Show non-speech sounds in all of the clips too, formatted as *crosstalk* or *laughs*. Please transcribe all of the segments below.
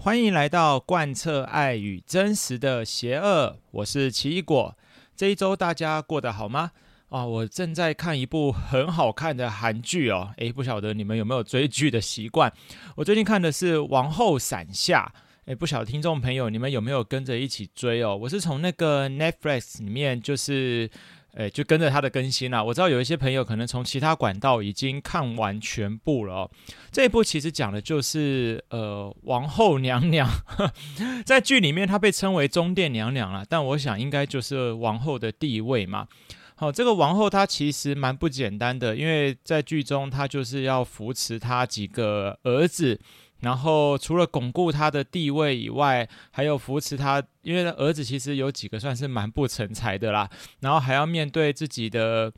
歡迎來到貫徹愛與真實的邪惡，我是奇異果。這一周大家過得好嗎？啊，我正在看一部很好看的韓劇哦。誒，不曉得你們有沒有追劇的習慣？我最近看的是《王后傘下》。誒，不曉得聽眾朋友你們有沒有跟着一起追哦？我是從那個 Netflix 裡面就是。誒，就跟着他的更新啦、啊。我知道有一些朋友可能從其他管道已經看完全部了、哦。這一部其實講的就是，呃，王后娘娘 *laughs* 在劇裡面她被稱為中殿娘娘啦、啊。但我想應該就是王後的地位嘛。好、哦，這個王后她其實蠻不簡單的，因為在劇中她就是要扶持她幾個兒子。然後除了鞏固他的地位以外，還有扶持他，因為他兒子其實有幾個算是蠻不成才的啦，然後還要面對自己的。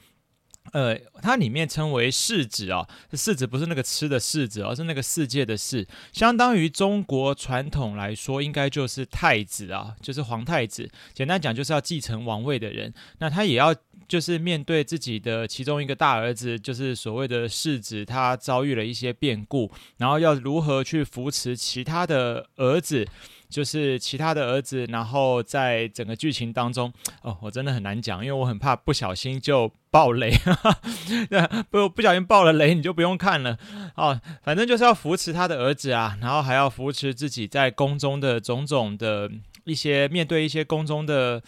呃，它裡面稱為世子哦，世子不是那個吃的柿子啊，而是那個世界的世，相當於中國傳統來說，應該就是太子啊，就是皇太子。簡單講，就是要繼承王位的人。那他也要就是面對自己的其中一個大兒子，就是所謂的世子，他遭遇了一些變故，然後要如何去扶持其他的兒子？就是其他的兒子，然後在整個劇情當中，哦，我真的很難講，因為我很怕不小心就爆雷， *laughs* 不不小心爆了雷，你就不用看了。哦，反正就是要扶持他的兒子啊，然後還要扶持自己在宮中的種種的一些，面對一些宮中的。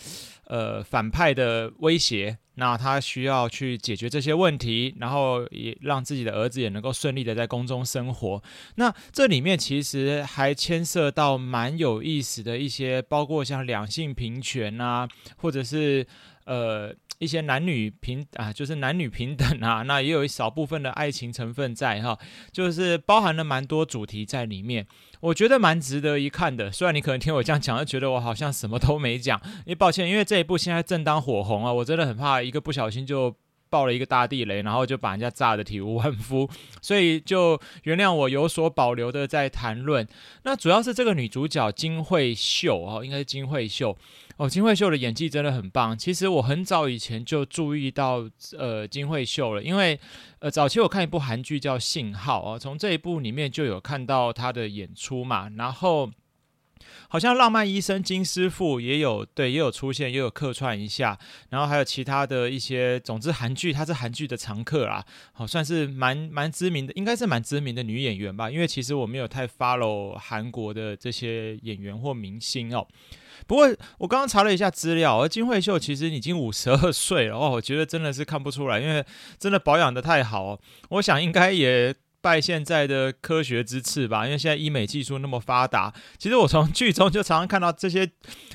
呃，反派的威脅，那他需要去解決這些問題，然後也讓自己的兒子也能夠順利的在宮中生活。那這裡面其實還牽涉到蠻有意思的一些，包括像兩性平權啊，或者是呃，一些男女平啊，就是男女平等啊，那也有一少部分的愛情成分在哈、啊，就是包含了蠻多主題在裡面，我覺得蠻值得一看的。雖然你可能聽我這樣講，就覺得我好像什麼都沒講，你抱歉，因為這一部現在正當火紅啊，我真的很怕一個不小心就。爆了一個大地雷，然後就把人家炸得體無完膚，所以就原諒我有所保留的在談論。那主要是這個女主角金惠秀哦，應該是金惠秀哦，金惠秀的演技真的很棒。其實我很早以前就注意到呃金惠秀了，因為呃早期我看一部韓劇叫《信號》哦，從這一部裡面就有看到她的演出嘛，然後。好像《浪漫醫生金師傅》也有對，也有出現，也有客串一下，然後還有其他的一些，總之韓劇他是韓劇的常客啦，好、哦、算是蠻蠻知名的，應該是蠻知名的女演員吧，因為其實我沒有太 follow 韓國的這些演員或明星哦。不過我剛剛查了一下資料，而金惠秀其實已經五十二歲了哦，我覺得真的是看不出來，因為真的保養得太好、哦，我想應該也。拜現在的科學之賜吧，因為現在醫美技術那麼發達。其實我從劇中就常常看到這些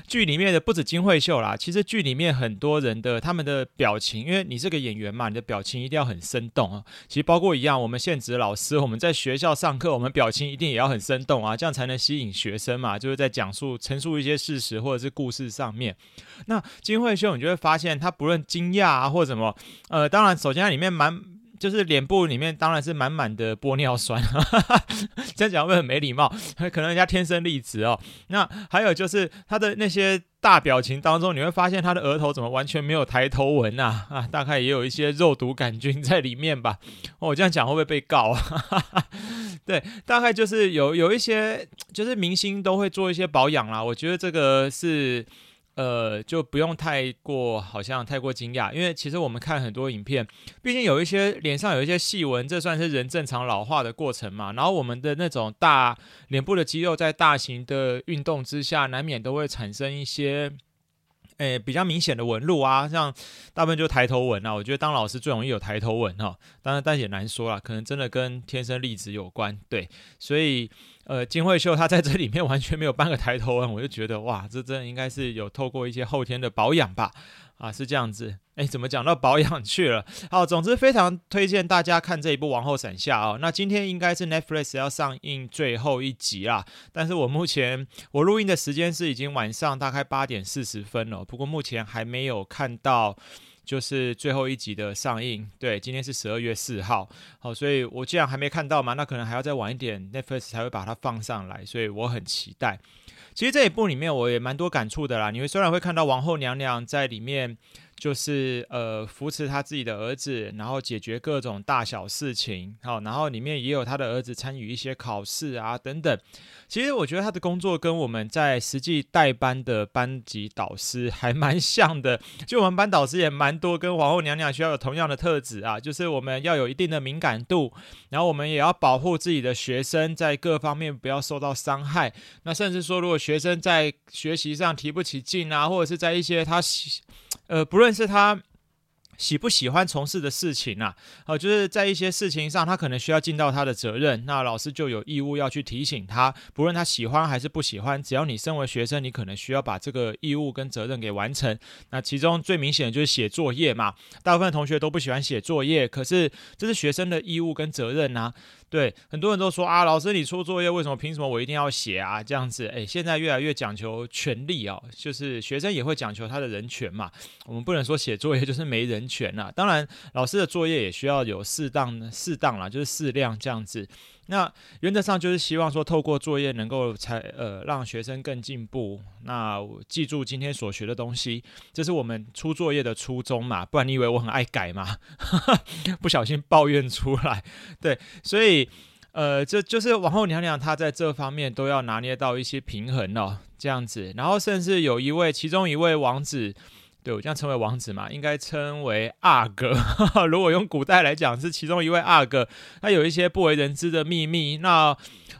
劇裡面的，不止金惠秀啦。其實劇裡面很多人的他們的表情，因為你是個演員嘛，你的表情一定要很生動啊。其實包括一樣，我們現職老師，我們在學校上課，我們表情一定也要很生動啊，這樣才能吸引學生嘛。就是在講述、陳述一些事實或者是故事上面。那金惠秀，你就會發現他不論驚訝啊，或者什麼，呃，當然首先他裡面蠻。就是臉部裡面當然是滿滿的玻尿酸， *laughs* 這樣講會，會很沒禮貌。可能人家天生麗質哦。那還有就是他的那些大表情當中，你會發現他的額頭怎麼完全沒有抬頭紋啊？啊，大概也有一些肉毒桿菌在裡面吧。我、哦，這樣講會不會被告啊？ *laughs* 對，大概就是有有一些，就是明星都會做一些保養啦。我覺得這個是。呃，就不用太過，好像太過驚訝，因為其實我們看很多影片，畢竟有一些臉上有一些細紋，這算是人正常老化的過程嘛。然後我們的那種大臉部的肌肉，在大型的運動之下，難免都會產生一些，誒比較明顯的紋路啊，像大部分就抬頭紋啊。我覺得當老師最容易有抬頭紋哈、啊，當然但也難說了，可能真的跟天生麗質有關，對，所以。呃，金惠秀她在這裡面完全沒有半個抬頭紋、啊，我就覺得哇，這真的應該是有透過一些後天的保養吧？啊，是這樣子。哎，怎麼講到保養去了？好，總之非常推薦大家看這一部《王后傘下》哦，那今天應該是 Netflix 要上映最後一集啦。但是我目前我錄音的時間是已經晚上大概八點四十分了，不過目前還沒有看到。就是最後一集的上映，對，今天是十二月四號，好，所以我既然還沒看到嘛，那可能還要再晚一點 Netflix 才會把它放上來，所以我很期待。其實這一部裡面我也蠻多感觸的啦，你會雖然會看到王后娘娘在裡面。就是呃扶持他自己的兒子，然後解決各種大小事情，好、哦，然後裡面也有他的兒子參與一些考試啊等等。其實我覺得他的工作跟我們在實際帶班的班級導師還蠻像的，就我們班導師也蠻多跟皇後娘娘需要有同樣的特質啊，就是我們要有一定的敏感度，然後我們也要保護自己的學生在各方面不要受到傷害。那甚至說，如果學生在學習上提不起勁啊，或者是在一些他。呃，不論是他喜不喜歡從事的事情啊，好，呃，就是在一些事情上，他可能需要盡到他的責任，那老師就有義務要去提醒他。不論他喜歡還是不喜歡，只要你身為學生，你可能需要把這個義務跟責任給完成。那其中最明顯的就是寫作業嘛，大部分的同學都不喜歡寫作業，可是這是學生的義務跟責任啊。對，很多人都說啊，老師你出作業，為什麼？憑什麼我一定要寫啊？這樣子，誒，現在越來越講求權利哦，就是學生也會講求他的人權嘛。我們不能說寫作業就是沒人權吶、啊。當然，老師的作業也需要有適當、適當啦，就是適量這樣子。那原則上就是希望說，透過作業能夠才呃讓學生更進步，那我記住今天所學的東西，這是我們出作業的初衷嘛。不然你以為我很愛改嘛？哈哈，不小心抱怨出來，對，所以。呃，就就是王后娘娘，她在這方面都要拿捏到一些平衡哦，這樣子。然後，甚至有一位，其中一位王子，對，我這樣稱為王子嘛，應該稱為阿哥。如果用古代來講，是其中一位阿哥，他有一些不為人知的秘密，那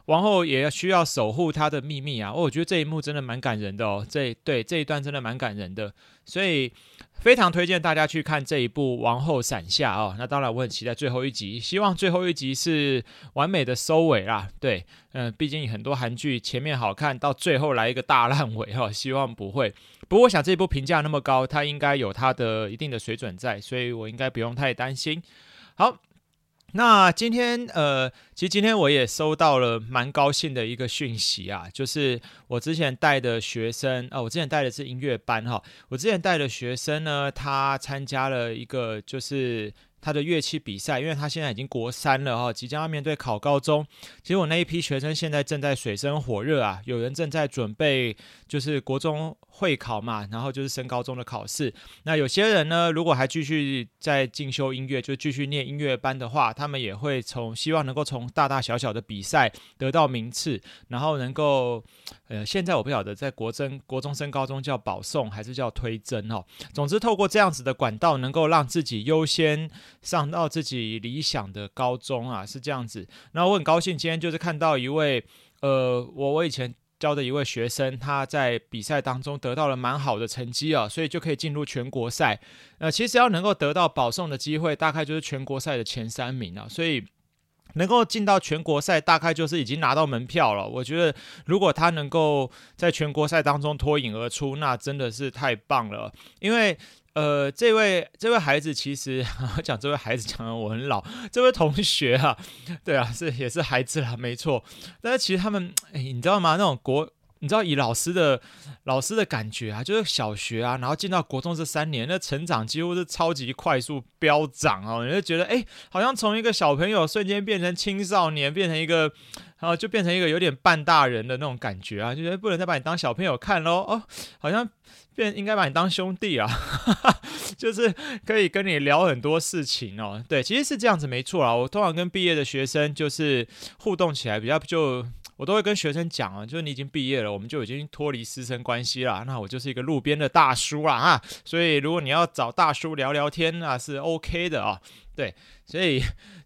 王后也要需要守護他的秘密啊。哦，我覺得這一幕真的蠻感人的哦，這，對，這一段真的蠻感人的，所以。非常推薦大家去看這一部《王后傘下》哦，那當然，我很期待最後一集，希望最後一集是完美的收尾啦。對，嗯，畢竟很多韓劇前面好看到最後來一個大爛尾哈、哦，希望不會。不過我想這一部評價那麼高，它應該有它的一定的水準在，所以我應該不用太擔心。好。那今天，呃，其實今天我也收到了蠻高興的一個訊息啊，就是我之前帶的學生，啊、哦，我之前帶的是音樂班哈、哦，我之前帶的學生呢，他參加了一個就是。他的樂器比賽，因為他現在已經國三了哈、哦，即將要面對考高中。其實我那一批學生現在正在水深火熱啊，有人正在準備就是國中會考嘛，然後就是升高中的考試。那有些人呢，如果還繼續在進修音樂，就繼續念音樂班的話，他們也會從希望能夠從大大小小的比賽得到名次，然後能夠呃，現在我不曉得在國中國中升高中叫保送還是叫推甄。哦。總之，透過這樣子的管道，能夠讓自己優先。上到自己理想的高中啊，是這樣子。那我很高興，今天就是看到一位，呃，我我以前教的一位學生，他在比賽當中得到了蠻好的成績啊，所以就可以進入全國賽。呃，其實要能夠得到保送的機會，大概就是全國賽的前三名啊。所以能夠進到全國賽，大概就是已經拿到門票了。我覺得，如果他能夠在全國賽當中脫穎而出，那真的是太棒了，因為。呃，這位這位孩子，其實講這位孩子講得我很老，這位同學啊，對啊，是也是孩子啦，沒錯。但是其實他們，哎，你知道嗎？那種國。你知道以老師的老師的感覺啊，就是小學啊，然後進到國中這三年，那成長幾乎是超級快速飆漲哦。你就覺得哎、欸，好像從一個小朋友瞬間變成青少年，變成一個，然、喔、後就變成一個有點半大人的那種感覺啊，就覺得不能再把你當小朋友看咯。哦、喔，好像變應該把你當兄弟啊呵呵，就是可以跟你聊很多事情哦、喔。對，其實是這樣子沒錯啊。我通常跟畢業的學生就是互動起來比較就。我都會跟學生講啊，就是你已經畢業了，我們就已經脫離師生關係了啊，那我就是一個路邊的大叔啦，啊。啊。所以如果你要找大叔聊聊天啊，是 OK 的啊。對，所以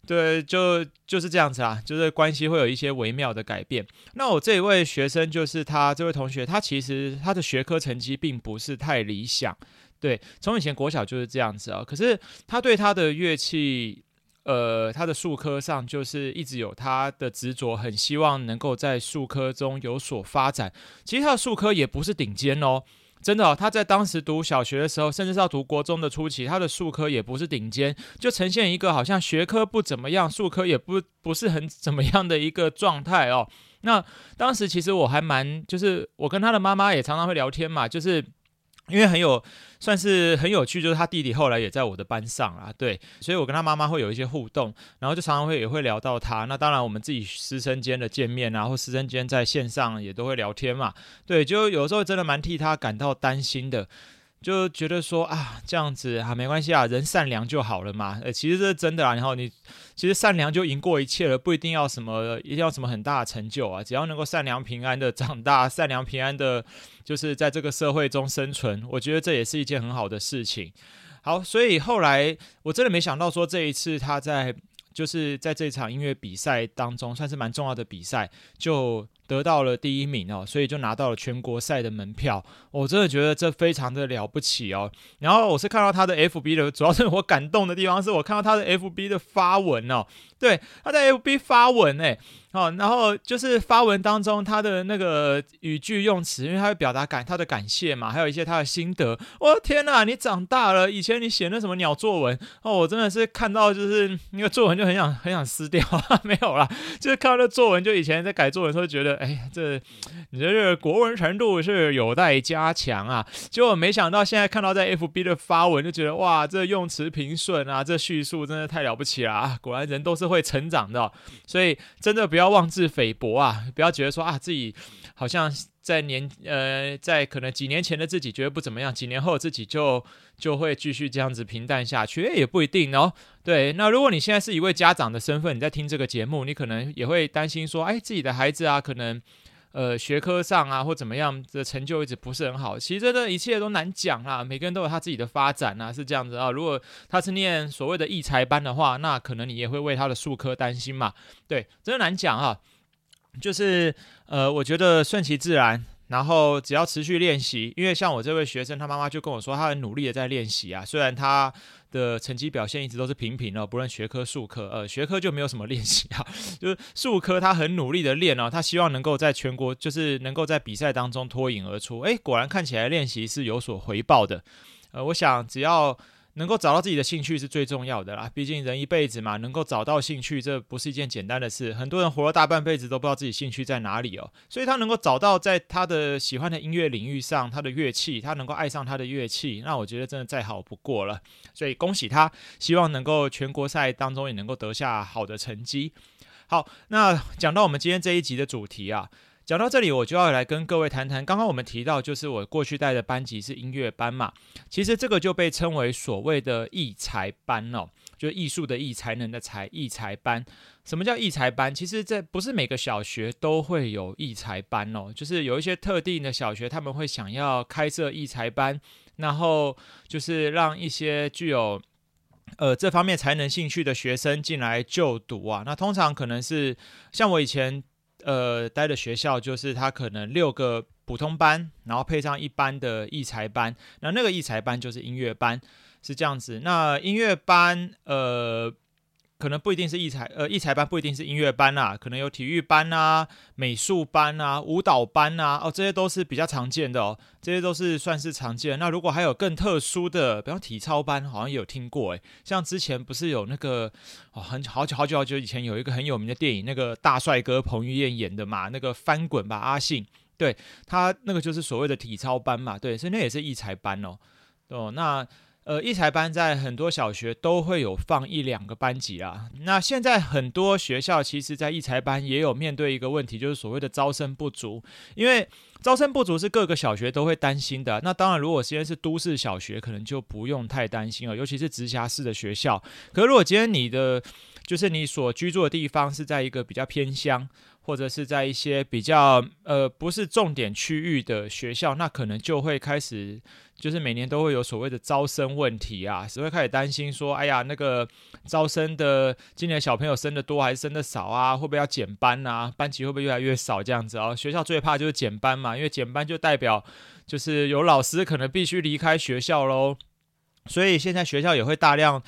對，就就是這樣子啊，就是關係會有一些微妙的改變。那我這一位學生就是他這位同學，他其實他的學科成績並不是太理想，對，從以前國小就是這樣子啊。可是他對他的樂器。呃，他的術科上就是一直有他的執着，很希望能夠在術科中有所發展。其實他的術科也不是頂尖哦，真的哦。他在當時讀小學的時候，甚至是到讀國中的初期，他的術科也不是頂尖，就呈現一個好像學科不怎麼樣，術科也不不是很怎麼樣的一個狀態哦。那當時其實我還蠻，就是我跟他的媽媽也常常會聊天嘛，就是。因為很有，算是很有趣，就是他弟弟後來也在我的班上啊，對，所以我跟他媽媽會有一些互動，然後就常常會也會聊到他。那當然，我們自己師生間的見面，然後師生間在線上也都會聊天嘛，對，就有時候真的蠻替他感到擔心的。就覺得說啊，這樣子啊，沒關係啊，人善良就好了嘛。呃、欸，其實這是真的啊。然後你其實善良就贏過一切了，不一定要什麼，一定要什麼很大的成就啊。只要能夠善良平安的長大，善良平安的，就是在這個社會中生存，我覺得這也是一件很好的事情。好，所以後來我真的沒想到說這一次他在就是在這場音樂比賽當中算是蠻重要的比賽，就。得到了第一名哦，所以就拿到了全國賽的門票。我真的覺得這非常的了不起哦。然後我是看到他的 FB 的，主要是我感動的地方，是我看到他的 FB 的發文哦。對，他在 FB 發文呢。好、哦，然後就是發文當中他的那個語句用詞，因為他會表達感他的感謝嘛，還有一些他的心得。我、哦、天哪，你長大了！以前你寫那什麼鳥作文哦，我真的是看到就是那個作文就很想很想撕掉哈哈，沒有啦，就是看到那作文，就以前在改作文時候覺得，哎，這你的這個國文程度是有待加強啊。結果沒想到現在看到在 FB 的發文，就覺得哇，這用詞平順啊，這敘述真的太了不起了！果然人都是。會成長的，所以真的不要妄自菲薄啊！不要覺得說啊，自己好像在年呃，在可能幾年前的自己覺得不怎麼樣，幾年後自己就就會繼續這樣子平淡下去，誒，也不一定哦。對，那如果你現在是一位家長的身份，你在聽這個節目，你可能也會擔心說，哎，自己的孩子啊，可能。呃，學科上啊，或怎麼樣的成就一直不是很好，其實這一切都難講啦、啊。每個人都有他自己的發展啊。是這樣子啊。如果他是念所謂的藝才班的話，那可能你也會為他的術科擔心嘛。對，真的難講啊。就是呃，我覺得順其自然，然後只要持續練習。因為像我這位學生，他媽媽就跟我說，他很努力的在練習啊，雖然他。的成績表現一直都是平平的，不論學科、術科，呃，學科就沒有什麼練習啊，就是術科他很努力的練啊，他希望能夠在全國，就是能夠在比賽當中脫穎而出。誒、欸，果然看起來練習是有所回報的，呃，我想只要能夠找到自己的興趣是最重要的啦，畢竟人一輩子嘛，能夠找到興趣，這不是一件簡單的事。很多人活了大半輩子都不知道自己興趣在哪裡哦，所以他能夠找到在他的喜歡的音樂領域上，他的樂器，他能夠愛上他的樂器，那我覺得真的再好不過了。所以恭喜他，希望能夠全國賽當中也能夠得下好的成績。好，那講到我們今天這一集的主題啊。講到這裡，我就要來跟各位談談。剛剛我們提到，就是我過去帶的班級是音樂班嘛，其實這個就被稱為所謂的藝才班哦，就藝術的藝，才能的才，藝才班。什麼叫藝才班？其實這不是每個小學都會有藝才班哦，就是有一些特定的小學，他們會想要開設藝才班，然後就是讓一些具有呃這方面才能、興趣的學生進來就讀啊。那通常可能是像我以前。呃，待的學校就是他可能六個普通班，然後配上一班的藝才班，那那個藝才班就是音樂班，是這樣子。那音樂班，呃。可能不一定是藝才，呃，藝才班不一定是音樂班啦、啊，可能有體育班啊、美術班啊、舞蹈班啊，哦，這些都是比較常見的哦，這些都是算是常見的。那如果還有更特殊的，比方體操班，好像有聽過、欸，誒。像之前不是有那個哦，很好久好久好久以前有一個很有名的電影，那個大帥哥彭於晏演，演的嘛，那個翻滾吧阿信，對，他那個就是所謂的體操班嘛，對，所以那也是藝才班哦，哦，那。呃，藝才班在很多小學都會有放一兩個班級啊。那現在很多學校其實，在藝才班也有面對一個問題，就是所謂的招生不足。因為招生不足是各個小學都會擔心的。那當然，如果今天是都市小學，可能就不用太擔心了。尤其是直轄市的學校。可是如果今天你的就是你所居住的地方是在一個比較偏鄉。或者是在一些比較呃不是重點區域的學校，那可能就會開始，就是每年都會有所謂的招生問題啊，只會開始擔心說，哎呀，那個招生的今年小朋友生的多還是生的少啊？會不會要減班啊？班級會不會越來越少這樣子啊、哦？學校最怕就是減班嘛，因為減班就代表就是有老師可能必須離開學校嘍，所以現在學校也會大量。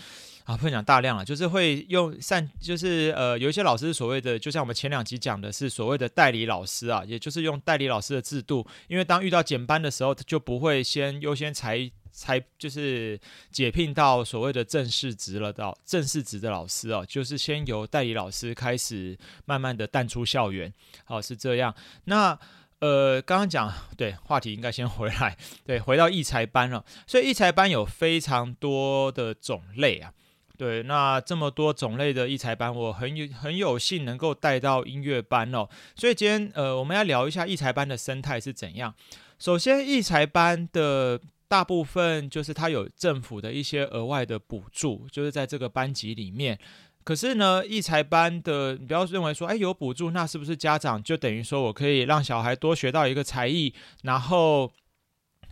啊，不能講大量了，啊，就是會用善，就是呃，有一些老師所謂的，就像我們前兩集講的是所謂的代理老師啊，也就是用代理老師的制度，因為當遇到減班的時候，他就不會先優先裁裁，就是解聘到所謂的正式職了，到正式職的老師哦，啊，就是先由代理老師開始慢慢的淡出校園。好，啊，是這樣。那呃，剛剛講對話題應該先回來，對，回到藝才班了。所以藝才班有非常多的種類啊。對，那這麼多種類的藝才班，我很有很有幸能夠帶到音樂班哦。所以今天，呃，我們要聊一下藝才班的生態是怎樣。首先，藝才班的大部分就是它有政府的一些額外的補助，就是在這個班級裡面。可是呢，藝才班的，你不要認為說，哎，有補助，那是不是家長就等於說我可以讓小孩多學到一個才藝，然後？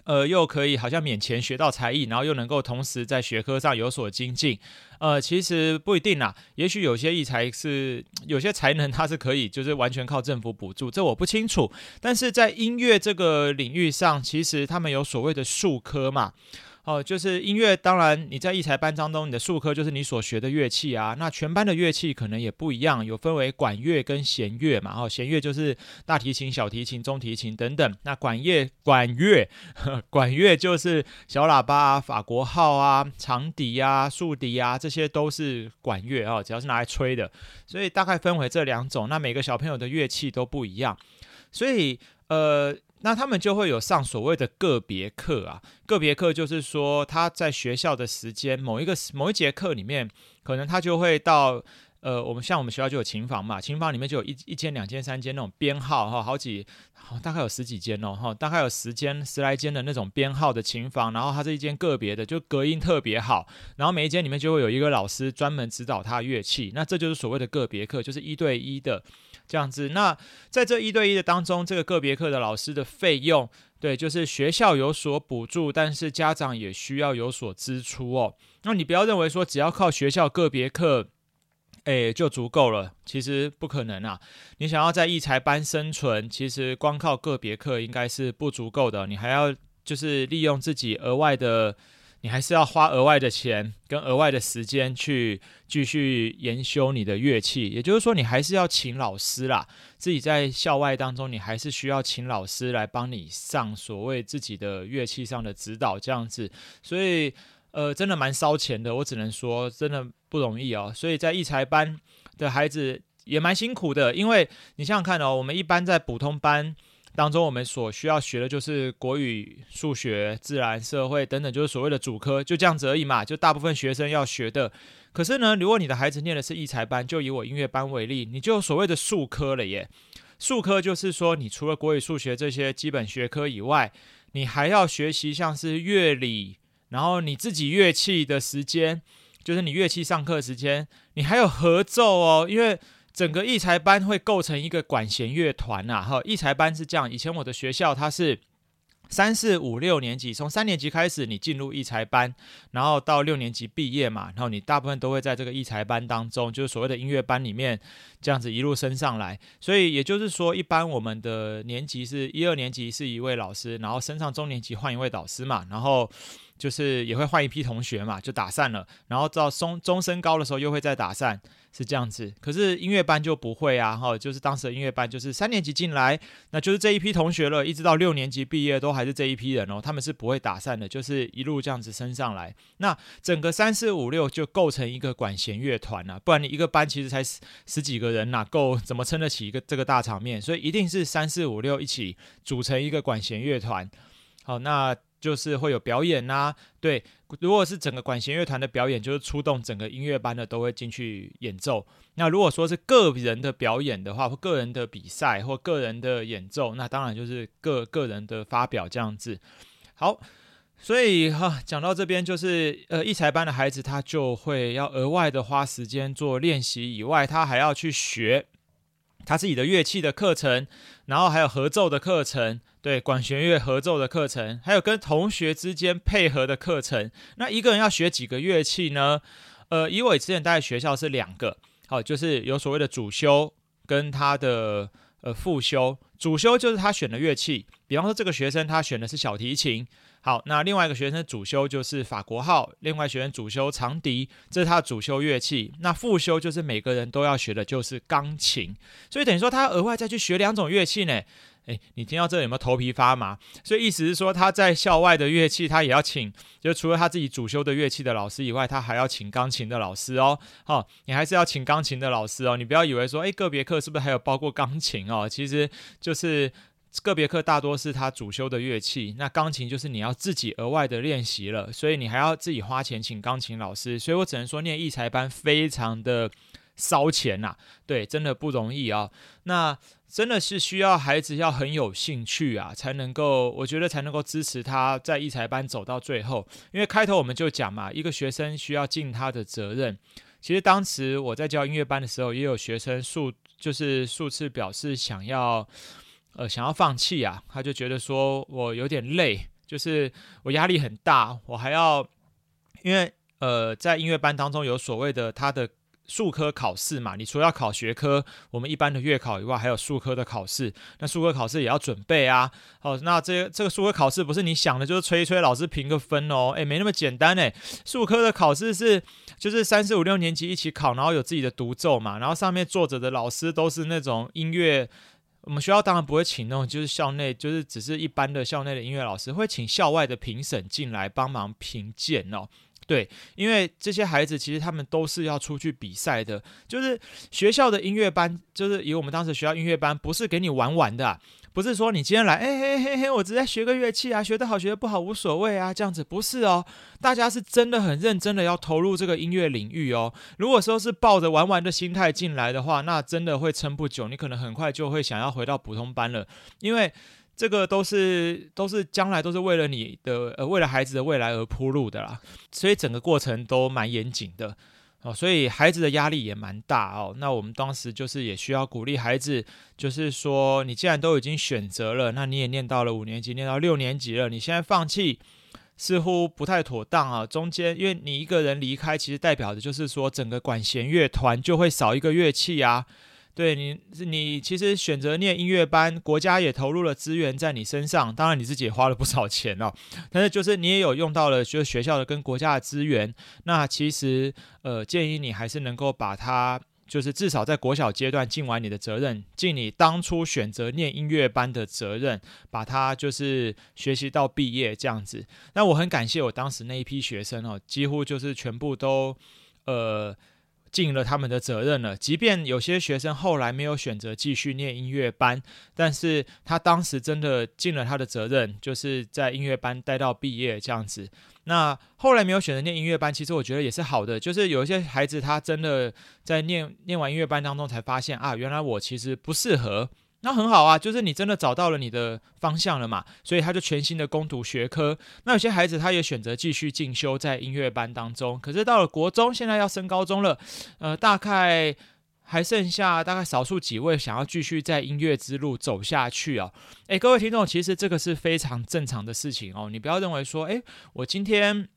呃，又可以好像免錢學到才藝，然後又能夠同時在學科上有所精進，呃，其實不一定啦，啊，也許有些藝才是有些才能，它是可以就是完全靠政府補助，這我不清楚，但是在音樂這個領域上，其實他們有所謂的術科嘛。哦，就是音樂。當然，你在藝才班當中，你的術科就是你所學的樂器啊。那全班的樂器可能也不一樣，有分為管樂跟弦樂嘛。哦，弦樂就是大提琴、小提琴、中提琴等等。那管樂，管樂，管樂就是小喇叭、啊、法國號啊、長笛啊、豎笛啊，這些都是管樂啊，只要是拿來吹的。所以大概分為這兩種。那每個小朋友的樂器都不一樣，所以呃。那他們就會有上所謂的個別課啊，個別課就是說他在學校的時間某一個某一節課裡面，可能他就會到呃，我們像我們學校就有琴房嘛，琴房裡面就有一一間、兩間、三間那種編號哈、哦，好幾、哦、大概有十幾間哦，哈、哦，大概有十間十來間的那種編號的琴房，然後它是一間個別的，就隔音特別好，然後每一間裡面就會有一個老師專門指導他樂器，那這就是所謂的個別課，就是一對一的。這樣子，那在這一對一的當中，這個個別課的老師的費用，對，就是學校有所補助，但是家長也需要有所支出哦。那你不要認為說只要靠學校個別課，誒、欸、就足夠了，其實不可能啊。你想要在藝才班生存，其實光靠個別課應該是不足夠的，你還要就是利用自己額外的。你還是要花額外的錢跟額外的時間去繼續研修你的樂器，也就是說，你還是要請老師啦。自己在校外當中，你還是需要請老師來幫你上所謂自己的樂器上的指導這樣子。所以，呃，真的蠻燒錢的。我只能說，真的不容易哦。所以在藝才班的孩子也蠻辛苦的，因為你想想看哦，我們一般在普通班。當中我們所需要學的就是國語、數學、自然、社會等等，就是所謂的主科，就這樣子而已嘛。就大部分學生要學的。可是呢，如果你的孩子念的是藝才班，就以我音樂班為例，你就所謂的術科了耶。術科就是說，你除了國語、數學這些基本學科以外，你還要學習像是樂理，然後你自己樂器的時間，就是你樂器上課時間，你還有合奏哦，因為。整個藝才班會構成一個管弦樂團呐、啊，哈，藝才班是這樣。以前我的學校它是三四五六年級，從三年級開始你進入藝才班，然後到六年級畢業嘛，然後你大部分都會在這個藝才班當中，就是所謂的音樂班裡面，這樣子一路升上來。所以也就是說，一般我們的年級是一二年級是一位老師，然後升上中年級換一位導師嘛，然後。就是也會換一批同學嘛，就打散了，然後到中中升高的時候又會再打散，是這樣子。可是音樂班就不會啊，哈，就是當時的音樂班就是三年級進來，那就是這一批同學了，一直到六年級畢業都還是這一批人哦，他們是不會打散的，就是一路這樣子升上來。那整個三四五六就構成一個管弦樂團吶，不然你一個班其實才十十幾個人吶夠？怎麼撐得起一個這個大場面？所以一定是三四五六一起組成一個管弦樂團。好，那。就是會有表演吶、啊，對。如果是整個管弦樂團的表演，就是出動整個音樂班的都會進去演奏。那如果說是個人的表演的話，或個人的比賽，或個人的演奏，那當然就是個個人的發表這樣子。好，所以哈，講到這邊就是，呃，藝才班的孩子他就會要額外的花時間做練習，以外他還要去學。他自己的樂器的課程，然後還有合奏的課程，對，管弦樂合奏的課程，還有跟同學之間配合的課程。那一個人要學幾個樂器呢？呃，以我之前待在學校是兩個，好，就是有所謂的主修跟他的呃副修。主修就是他選的樂器，比方說這個學生他選的是小提琴。好，那另外一個學生主修就是法國號，另外一個學生主修長笛，這是他的主修樂器。那副修就是每個人都要學的，就是鋼琴。所以等於說他額外再去學兩種樂器呢？誒、欸，你聽到這有沒有頭皮發麻？所以意思是說他在校外的樂器他也要請，就是除了他自己主修的樂器的老師以外，他還要請鋼琴的老師哦。好、哦，你還是要請鋼琴的老師哦。你不要以為說，誒、欸、個別課是不是還有包括鋼琴哦？其實就是。個別課大多是他主修的樂器，那鋼琴就是你要自己額外的練習了，所以你還要自己花錢請鋼琴老師，所以我只能說念藝才班非常的燒錢吶、啊，對，真的不容易啊、哦，那真的是需要孩子要很有興趣啊，才能夠，我覺得才能夠支持他在藝才班走到最後，因為開頭我們就講嘛，一個學生需要盡他的責任。其實當時我在教音樂班的時候，也有學生數就是數次表示想要，呃，想要放棄啊？他就覺得說我有點累，就是我壓力很大，我還要因為呃，在音樂班當中有所謂的他的術科考試嘛。你除了要考學科，我們一般的月考以外，還有術科的考試。那術科考試也要準備啊。好，哦，那這這個術科考試不是你想的，就是吹一吹，老師評個分哦？誒，沒那麼簡單誒。術科的考試是就是三四五六年級一起考，然後有自己的獨奏嘛，然後上面坐着的老師都是那種音樂。我們學校當然不會請那種，就是校內就是只是一般的校內的音樂老師，會請校外的評審進來幫忙評鑑哦。對，因為這些孩子其實他們都是要出去比賽的，就是學校的音樂班，就是以我們當時學校音樂班不是給你玩玩的啊。不是說你今天來，哎、欸、嘿嘿嘿，我直接學個樂器啊，學得好學得不好無所謂啊，這樣子不是哦，大家是真的很認真的要投入這個音樂領域哦。如果說是抱着玩玩的心態進來的話，那真的會撐不久，你可能很快就會想要回到普通班了，因為這個都是都是將來都是為了你的呃為了孩子的未來而鋪路的啦，所以整個過程都蠻嚴謹的。哦，所以孩子的壓力也蠻大哦。那我們當時就是也需要鼓勵孩子，就是說，你既然都已經選擇了，那你也念到了五年級，念到六年級了，你現在放棄似乎不太妥當啊。中間因為你一個人離開，其實代表的就是說，整個管弦樂團就會少一個樂器啊。對你，你其實選擇念音樂班，國家也投入了資源在你身上，當然你自己也花了不少錢哦，但是就是你也有用到了，就是學校的跟國家的資源。那其實，呃，建議你還是能夠把它，就是至少在國小階段盡完你的責任，盡你當初選擇念音樂班的責任，把它就是學習到畢業這樣子。那我很感謝我當時那一批學生哦，幾乎就是全部都，呃。盡了他們的責任了。即便有些學生後來沒有選擇繼續念音樂班，但是他當時真的盡了他的責任，就是在音樂班待到畢業這樣子。那後來沒有選擇念音樂班，其實我覺得也是好的。就是有一些孩子，他真的在念念完音樂班當中才發現啊，原來我其實不適合。那很好啊，就是你真的找到了你的方向了嘛，所以他就全新的攻讀學科。那有些孩子他也選擇繼續進修在音樂班當中，可是到了國中，現在要升高中了，呃，大概還剩下大概少數幾位想要繼續在音樂之路走下去啊、哦。誒，各位聽眾，其實這個是非常正常的事情哦，你不要認為說，誒，我今天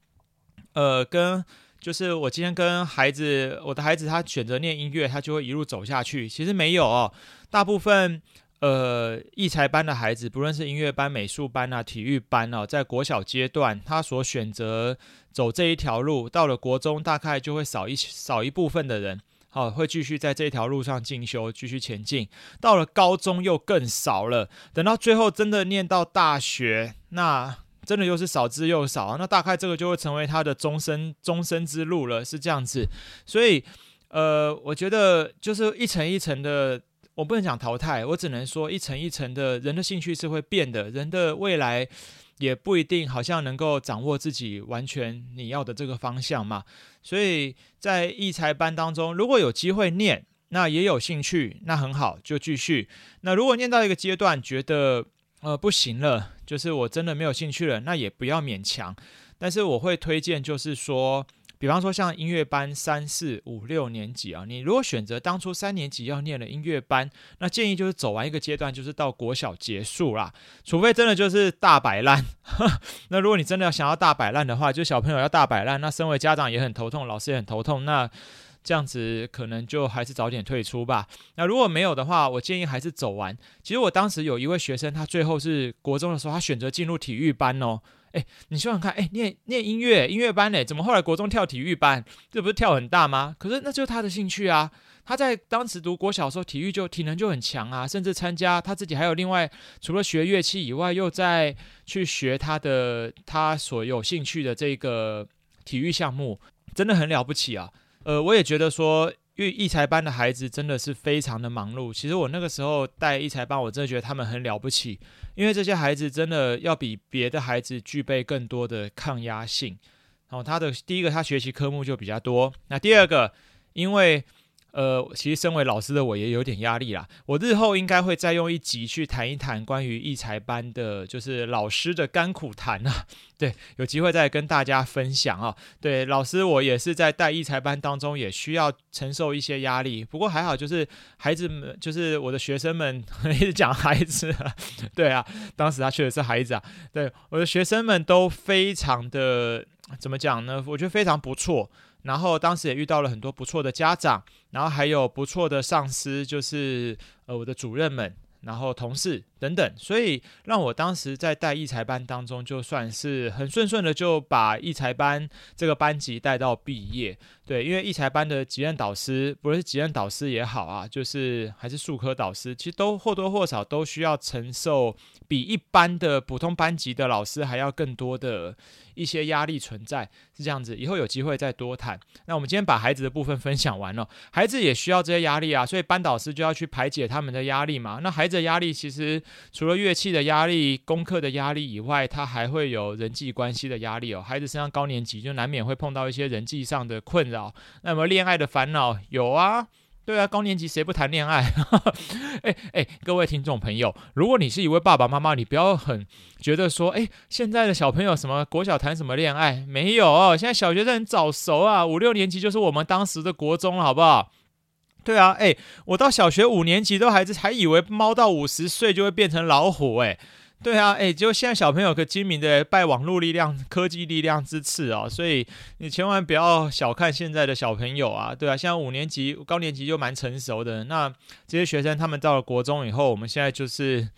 呃跟。就是我今天跟孩子，我的孩子他選擇念音樂，他就會一路走下去。其實沒有哦，大部分呃藝才班的孩子，不論是音樂班、美術班啊、體育班哦、啊，在國小階段他所選擇走這一條路，到了國中大概就會少一少一部分的人，好、哦、會繼續在這條路上進修，繼續前進。到了高中又更少了，等到最後真的念到大學那。真的就是少之又少啊，那大概這個就會成為他的終身終身之路了，是這樣子。所以，呃，我覺得就是一層一層的，我不能講淘汰，我只能說一層一層的人的興趣是會變的，人的未來也不一定好像能夠掌握自己完全你要的這個方向嘛。所以在藝才班當中，如果有機會念，那也有興趣，那很好，就繼續。那如果念到一個階段，覺得呃，不行了，就是我真的沒有興趣了，那也不要勉強。但是我會推薦，就是說，比方說像音樂班，三四五六年級啊，你如果選擇當初三年級要念的音樂班，那建議就是走完一個階段，就是到國小結束啦。除非真的就是大擺爛。那如果你真的要想要大擺爛的話，就小朋友要大擺爛，那身為家長也很頭痛，老師也很頭痛。那這樣子可能就還是早點退出吧。那如果沒有的話，我建議還是走完。其實我當時有一位學生，他最後是國中的時候，他選擇進入體育班哦。哎、欸，你想想看，哎、欸，念念音樂音樂班誒，怎麼後來國中跳體育班？這不是跳很大嗎？可是那就是他的興趣啊。他在當時讀國小的時候，體育就體能就很強啊，甚至參加他自己還有另外除了學樂器以外，又再去學他的他所有興趣的這個體育項目，真的很了不起啊。呃，我也覺得說，因為藝才班的孩子真的是非常的忙碌。其實我那個時候帶藝才班，我真的覺得他們很了不起，因為這些孩子真的要比別的孩子具備更多的抗壓性。然後他的第一個，他學習科目就比較多。那第二個，因為。呃，其實身為老師的我也有點壓力啦。我日後應該會再用一集去談一談關於藝才班的，就是老師的甘苦談啊。對，有機會再跟大家分享啊。對，老師我也是在帶藝才班當中，也需要承受一些壓力。不過還好，就是孩子們，就是我的學生們， *laughs* 一直講孩子，啊。對啊，當時他確實是孩子啊。對，我的學生們都非常的，怎麼講呢？我覺得非常不錯。然後當時也遇到了很多不錯的家長，然後還有不錯的上司，就是呃我的主任們，然後同事。等等，所以讓我當時在帶藝才班當中，就算是很順順的就把藝才班這個班級帶到畢業。對，因為藝才班的級任導師，不論是級任導師也好啊，就是還是術科導師，其實都或多或少都需要承受比一般的普通班級的老師還要更多的一些壓力存在，是這樣子。以後有機會再多談。那我們今天把孩子的部分分享完了，孩子也需要這些壓力啊，所以班導師就要去排解他們的壓力嘛。那孩子的壓力其實。除了樂器的壓力、功課的壓力以外，他還會有人際關係的壓力哦。孩子升上高年級就難免會碰到一些人際上的困擾。那麼戀愛的煩惱有啊？對啊，高年級誰不談戀愛？哎 *laughs* 哎，各位聽眾朋友，如果你是一位爸爸媽媽，你不要很覺得說，哎，現在的小朋友什麼國小談什麼戀愛？沒有、哦，現在小學生很早熟啊，五六年級就是我們當時的國中好不好？對啊，誒，我到小學五年級都還是還以為貓到五十歲就會變成老虎，誒，對啊，哎，就現在小朋友可精明的，拜網絡力量、科技力量之賜啊、哦，所以你千萬不要小看現在的小朋友啊，對啊，現在五年級、高年級就蠻成熟的。那這些學生他們到了國中以後，我們現在就是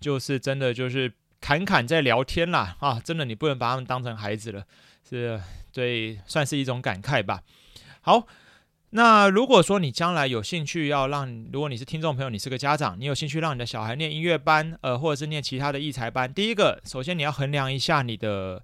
就是真的就是侃侃在聊天啦，啊，真的你不能把他們當成孩子了，是對，算是一種感慨吧。好。那如果說你將來有興趣要讓，如果你是聽眾朋友，你是個家長，你有興趣讓你的小孩念音樂班，呃，或者是念其他的藝才班，第一個，首先你要衡量一下你的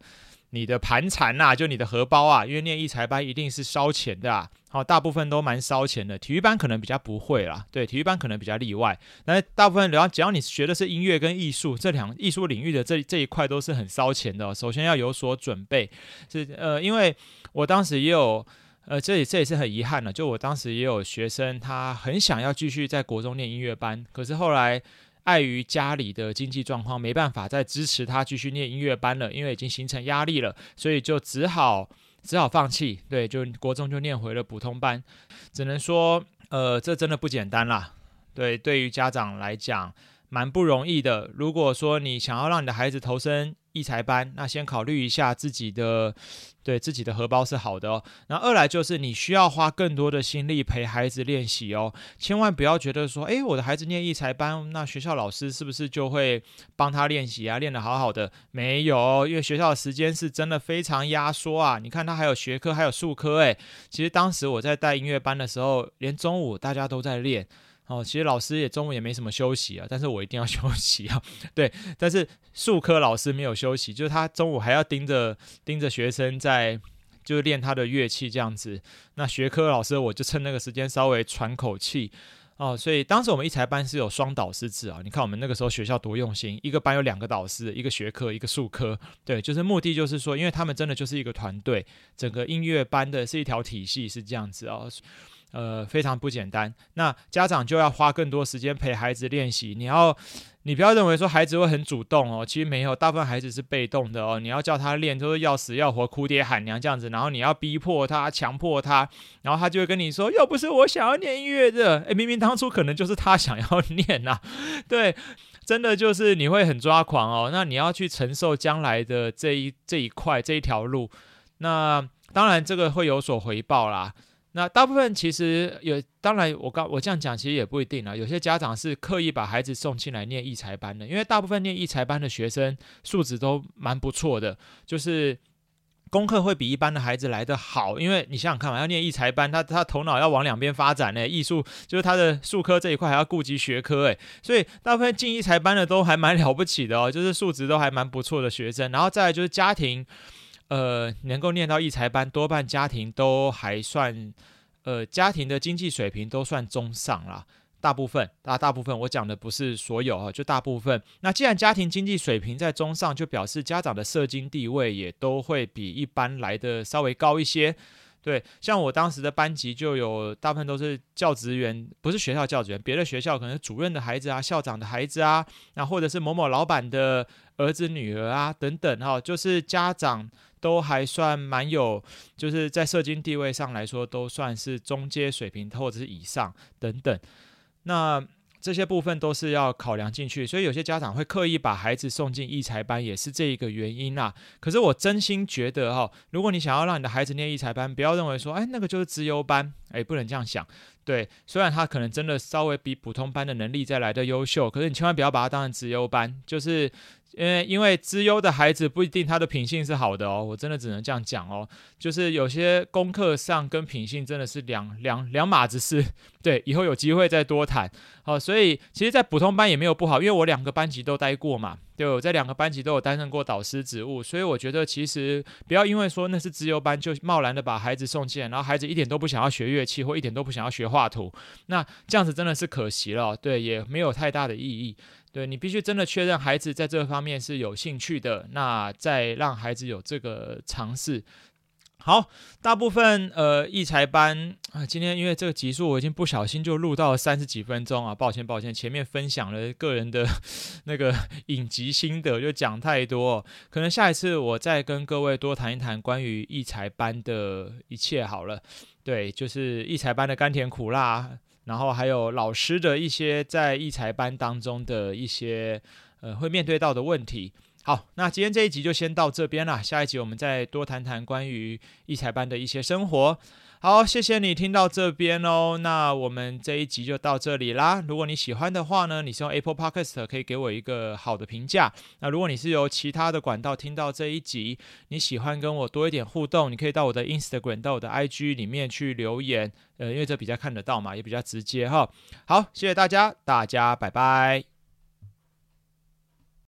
你的盤纏吶、啊，就你的荷包啊，因為念藝才班一定是燒錢的、啊，好、哦，大部分都蠻燒錢的，體育班可能比較不會啦，對，體育班可能比較例外，那大部分，然後只要你學的是音樂跟藝術這兩藝術領域的這這一塊都是很燒錢的、哦，首先要有所準備，是呃，因為我當時也有。呃，這也這也是很遺憾的，就我當時也有學生，他很想要繼續在國中念音樂班，可是後來礙於家裡的經濟狀況，沒辦法再支持他繼續念音樂班了，因為已經形成壓力了，所以就只好只好放棄，對，就國中就念回了普通班，只能說，呃，這真的不簡單啦，對，對於家長來講。蠻不容易的。如果說你想要讓你的孩子投身藝才班，那先考慮一下自己的，對自己的荷包是好的哦。那二來就是你需要花更多的心力陪孩子練習哦。千萬不要覺得說，誒，我的孩子念藝才班，那學校老師是不是就會幫他練習啊？練得好好的？沒有，因為學校的時間是真的非常壓縮啊。你看他還有學科，還有術科，哎，其實當時我在帶音樂班的時候，連中午大家都在練。哦，其實老師也中午也沒什麼休息啊，但是我一定要休息啊。對，但是術科老師沒有休息，就是他中午還要盯着盯着學生在就練他的樂器這樣子。那學科老師我就趁那個時間稍微喘口氣哦。所以當時我們藝才班是有雙導師制啊，你看我們那個時候學校多用心，一個班有兩個導師，一個學科一個術科。對，就是目的就是說，因為他們真的就是一個團隊，整個音樂班的是一條體系是這樣子哦、啊。呃，非常不簡單。那家長就要花更多時間陪孩子練習。你要，你不要認為說孩子會很主動哦，其實沒有，大部分孩子是被動的哦。你要叫他練，就是要死要活哭爹喊娘這樣子，然後你要逼迫他、強迫他，然後他就會跟你說：“又不是我想要念音樂的。”誒，明明當初可能就是他想要念啊。對，真的就是你會很抓狂哦。那你要去承受將來的這一這一塊這一條路。那當然，這個會有所回報啦。那大部分其實有，當然我剛我這樣講其實也不一定啊。有些家長是刻意把孩子送進來念藝才班的，因為大部分念藝才班的學生素質都蠻不錯的，就是功課會比一般的孩子來得好。因為你想想看嘛，要念藝才班，他他頭腦要往兩邊發展呢，欸。藝術就是他的術科這一塊還要顧及學科誒，欸。所以大部分進藝才班的都還蠻了不起的哦，就是素質都還蠻不錯的學生。然後再來就是家庭。呃，能夠念到藝才班，多半家庭都還算，呃，家庭的經濟水平都算中上啦，大部分，大、啊、大部分，我講的不是所有啊，就大部分。那既然家庭經濟水平在中上，就表示家長的社經地位也都會比一般來的稍微高一些。對，像我當時的班級，就有大部分都是教職員，不是學校教職員，別的學校可能是主任的孩子啊，校長的孩子啊，那或者是某某老板的兒子、女兒啊，等等哈、啊，就是家長。都還算蠻有，就是在社經地位上來說，都算是中階水平或者是以上等等。那這些部分都是要考量進去，所以有些家長會刻意把孩子送進藝才班，也是這一個原因啦、啊。可是我真心覺得哈、哦，如果你想要讓你的孩子念藝才班，不要認為說，誒、哎、那個就是資優班，誒、哎、不能這樣想。對，雖然他可能真的稍微比普通班的能力再來得優秀，可是你千萬不要把他當成資優班，就是因為因為資優的孩子不一定他的品性是好的哦，我真的只能這樣講哦，就是有些功課上跟品性真的是兩兩兩碼子事，對，以後有機會再多談。好，哦，所以其實在普通班也沒有不好，因為我兩個班級都待過嘛。就在兩個班級都有擔任過導師職務，所以我覺得其實不要因為說那是自由班就貿然的把孩子送進來。然後孩子一點都不想要學樂器或一點都不想要學畫圖，那這樣子真的是可惜了，對，也沒有太大的意義。對，你必須真的確認孩子在這方面是有興趣的，那再讓孩子有這個嘗試。好，大部分呃藝才班啊、呃，今天因為這個集數我已經不小心就錄到了三十幾分鐘啊，抱歉抱歉，前面分享了個人的那個影集心得就講太多，可能下一次我再跟各位多談一談關於藝才班的一切好了，對，就是藝才班的甘甜苦辣，然後還有老師的一些在藝才班當中的一些呃會面對到的問題。好，那今天這一集就先到這邊啦。下一集我們再多談談關於藝才班的一些生活。好，謝謝你聽到這邊哦。那我們這一集就到這裡啦。如果你喜歡的話呢，你是用 Apple Podcast 可以給我一個好的評價。那如果你是由其他的管道聽到這一集，你喜歡跟我多一點互動，你可以到我的 Instagram、到我的 IG 裡面去留言。呃，因為這比較看得到嘛，也比較直接哈。好，謝謝大家，大家拜拜。